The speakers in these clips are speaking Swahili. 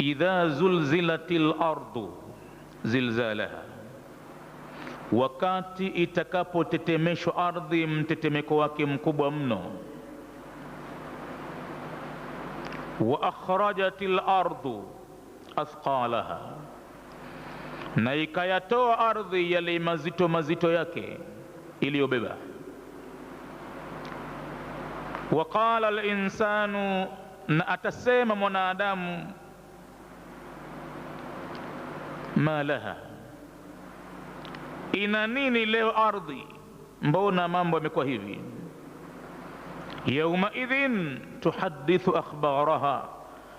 إذا زلزلت الأرض زلزالها, wakati itakapotetemeshwa ardhi mtetemeko wake mkubwa mno wa akhrajat lardu athqalaha, na ikayatoa ardhi yale mazito mazito yake iliyobeba. Waqala linsanu, na atasema mwanadamu ma laha ina nini leo ardhi mbona mambo yamekuwa hivi yaumaidhin tuhadithu akhbaraha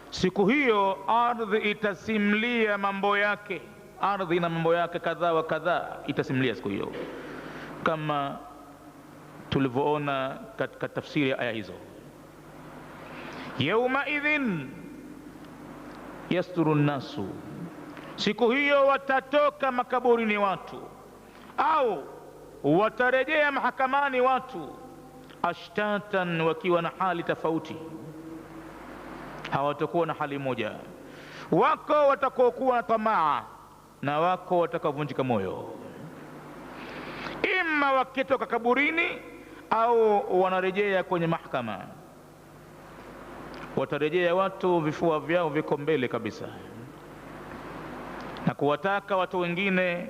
siku hiyo ardhi itasimlia mambo yake ardhi na mambo yake kadhaa wa kadhaa itasimlia siku hiyo kama tulivyoona katika tafsiri ya aya hizo yaumaidhin yasturu nnasu Siku hiyo watatoka makaburini watu au watarejea mahakamani watu ashtatan, wakiwa na hali tofauti, hawatakuwa na hali moja. Wako watakokuwa na tamaa na wako watakavunjika moyo, ima wakitoka kaburini au wanarejea kwenye mahakama. Watarejea watu vifua vyao viko mbele kabisa na kuwataka watu wengine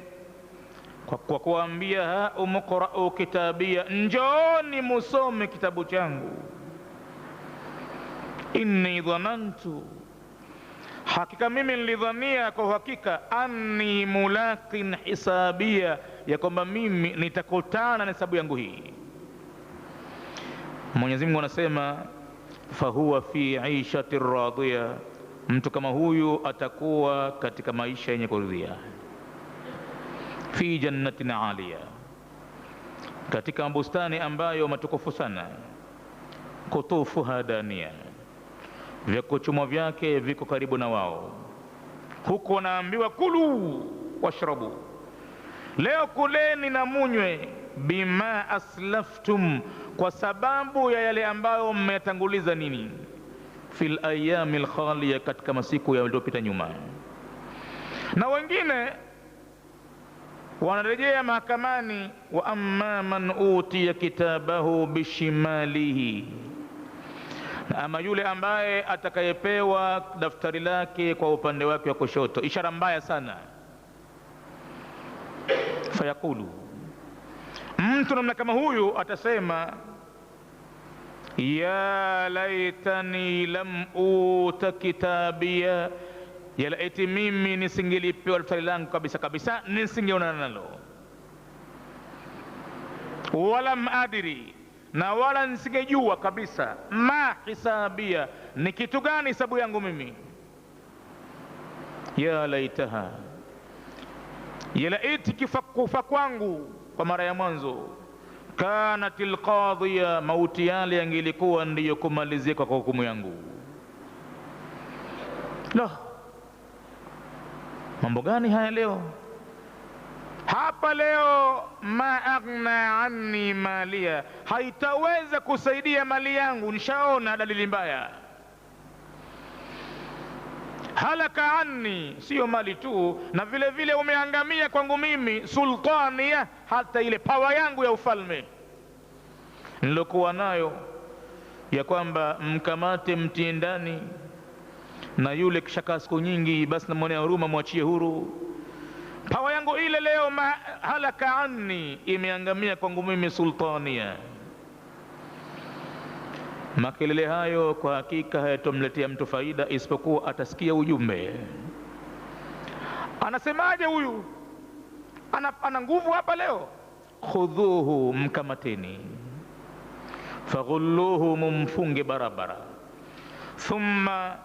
kwa, kwa ha haumqrau kitabia, njooni musome kitabu changu. Inni dhanantu, hakika mimi nilidhania kwa uhakika, anni mulaqin hisabia, ya kwamba mimi nitakutana na hesabu yangu hii. Mwenyezi Mungu anasema fahuwa fi ishati radhiya mtu kama huyu atakuwa katika maisha yenye kuridhia, fi jannatin aliya, katika bustani ambayo matukufu sana, kutufuha dania, vya kuchumwa vyake viko karibu na wao, huku wanaambiwa kulu washrabu, leo kuleni na munywe, bima aslaftum, kwa sababu ya yale ambayo mmetanguliza nini fil ayami lkhalia katika masiku yaliyopita nyuma. Na wengine wanarejea mahakamani, wa amma man utiya kitabahu bishimalihi, na ama yule ambaye atakayepewa daftari lake kwa upande wake wa kushoto, ishara mbaya sana. Fayaqulu, mtu namna kama huyu atasema ya laitani lam uta kitabia, ya laiti mimi nisingelipewa daftari langu kabisa kabisa, nisingeonana nalo. Walam adiri, na wala nisingejua kabisa, ma hisabia, ni kitu gani hisabu yangu mimi. Ya laitaha, ya laiti kifakufa kwangu kwa mara ya mwanzo kanat qadhiya, mauti yale yangelikuwa ndiyo kumalizika kwa hukumu yangu. Lo, mambo gani haya leo hapa leo, ma aghna anni malia, haitaweza kusaidia mali yangu. Nishaona dalili mbaya halaka anni, siyo mali tu, na vile vile umeangamia kwangu mimi sultania, hata ile pawa yangu ya ufalme nilokuwa nayo, ya kwamba mkamate mtie ndani, na yule kishakaa siku nyingi, basi namwonea huruma, mwachie huru. Pawa yangu ile leo halaka anni, imeangamia kwangu mimi sultania Makelele hayo kwa hakika hayatomletea mtu faida, isipokuwa atasikia ujumbe. Anasemaje huyu? Ana, ana nguvu hapa leo. Khudhuhu, mkamateni. Faghulluhu, mumfunge barabara. Thumma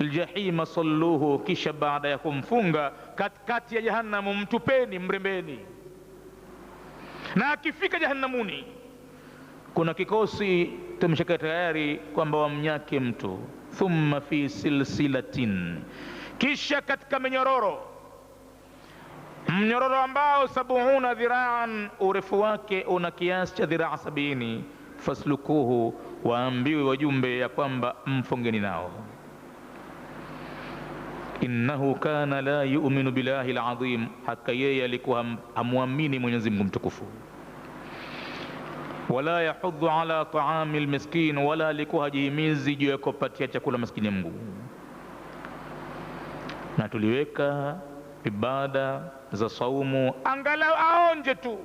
ljahima salluhu, kisha baada ya kumfunga katikati ya Jahannamu mtupeni, mrembeni. Na akifika Jahannamuni kuna kikosi tumeshaka tayari kwamba wamnyake mtu, thumma fi silsilatin, kisha katika minyororo mnyororo ambao sabuuna dhiraan, urefu wake una kiasi cha dhiraa sabini. Faslukuhu, waambiwe wajumbe ya kwamba mfungeni nao. Innahu kana la yu'minu billahi alazim, hakika yeye alikuwa hamwamini Mwenyezi Mungu mtukufu wala yahudhu ala taami lmiskin, wala alikuwa hajihimizi juu ya kupatia chakula maskini Mungu. Na tuliweka ibada za saumu angalau aonje tu,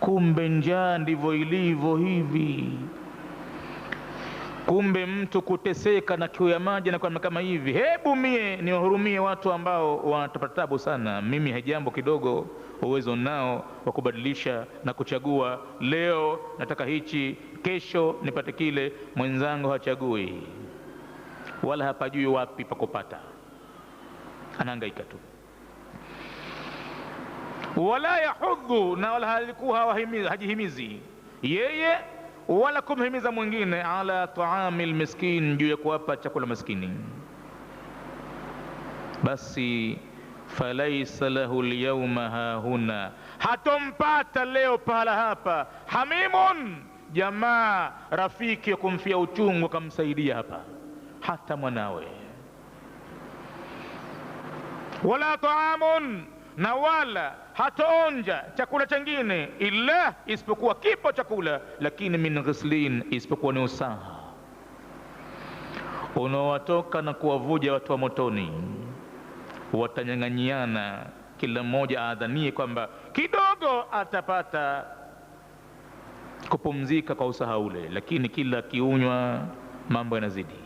kumbe njaa ndivyo ilivyo hivi Kumbe mtu kuteseka na kiu ya maji na kwa kama hivi, hebu mie niwahurumie watu ambao wanapata tabu sana. Mimi haijambo kidogo, uwezo nao wa kubadilisha na kuchagua. Leo nataka hichi, kesho nipate kile. Mwenzangu hachagui wala hapajui wapi pakupata, anahangaika tu wala yahudhu na wala halikuwa hajihimizi yeye wala kumhimiza mwingine ala taami lmiskin, juu ya kuwapa chakula maskini. Basi falaisa lahu lyauma hahuna, hatompata leo pahala hapa hamimun, jamaa rafiki ya kumfia uchungu akamsaidia hapa, hata mwanawe wala taamun, na wala hataonja chakula chengine illa isipokuwa kipo chakula, lakini min ghislin, isipokuwa ni usaha unaowatoka na kuwavuja watu wa motoni. Watanyang'anyiana, kila mmoja aadhanie kwamba kidogo atapata kupumzika kwa usaha ule, lakini kila kiunywa mambo yanazidi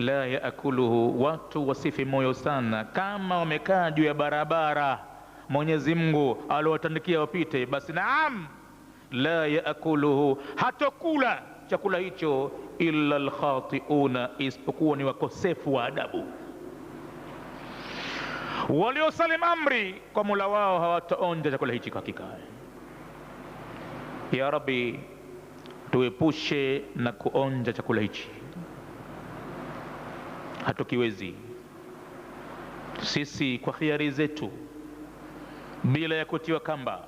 la yaakuluhu, watu wasife moyo sana kama wamekaa juu ya barabara Mwenyezi Mungu aliowatandikia wapite, basi naam, la yaakuluhu, hatokula chakula hicho illa alkhatiuna, isipokuwa ni wakosefu wa adabu. Waliosalim amri kwa mula wao hawataonja chakula hichi. Kwa hakika, ya Rabbi, tuepushe na kuonja chakula hichi hatukiwezi sisi kwa khiari zetu bila ya kutiwa kamba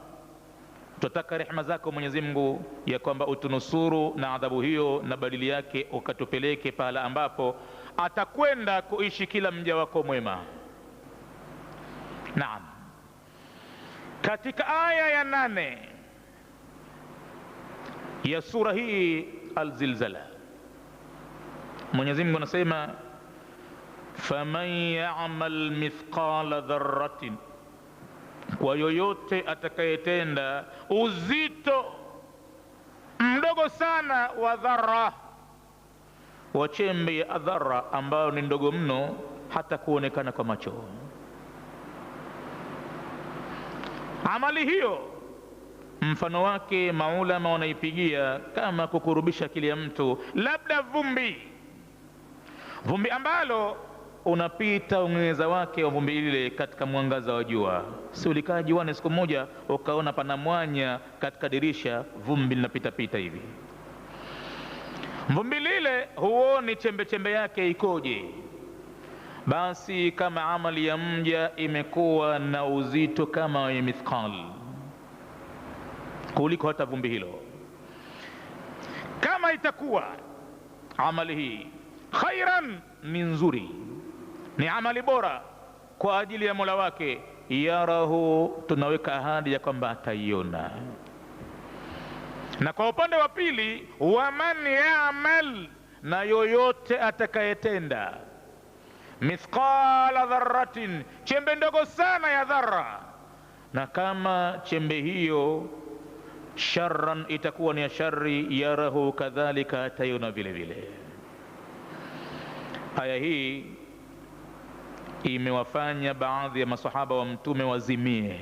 twataka rehma zako mwenyezi mungu ya kwamba utunusuru na adhabu hiyo na badili yake ukatupeleke pahala ambapo atakwenda kuishi kila mja wako mwema naam katika aya ya nane ya sura hii alzilzala mwenyezi mungu anasema faman yamal mithqala dharratin, kwa yoyote atakayetenda uzito mdogo sana wa dharra wa chembe ya dhara ambayo ni ndogo mno hata kuonekana kwa macho. Amali hiyo mfano wake maulama wanaipigia kama kukurubisha akili ya mtu, labda vumbi, vumbi ambalo unapita ungeza wake wa vumbi lile katika mwangaza wa jua. Si ulikaa juani siku moja ukaona pana mwanya katika dirisha, vumbi linapitapita hivi? Vumbi lile huoni chembechembe yake ikoje? Basi kama amali ya mja imekuwa na uzito kama wenye mithqal kuliko hata vumbi hilo, kama itakuwa amali hii khairan ni nzuri ni amali bora kwa ajili ya mola wake, yarahu, tunaweka ahadi ya kwamba ataiona. Na kwa upande wa pili, waman yamal, na yoyote atakayetenda mithqala dharratin, chembe ndogo sana ya dhara, na kama chembe hiyo sharran itakuwa ni ya shari, yarahu kadhalika, ataiona vile vile. Aya hii imewafanya baadhi ya masahaba wa mtume wazimie,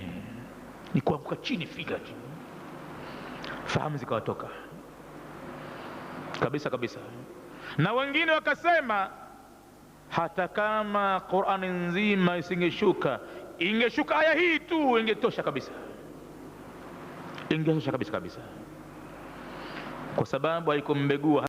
ni kuanguka chini, figa fahamu zikawatoka kabisa kabisa, na wengine wakasema hata kama Qurani nzima isingeshuka, ingeshuka aya hii tu, ingetosha kabisa, ingetosha kabisa kabisa, kwa sababu haikumbegua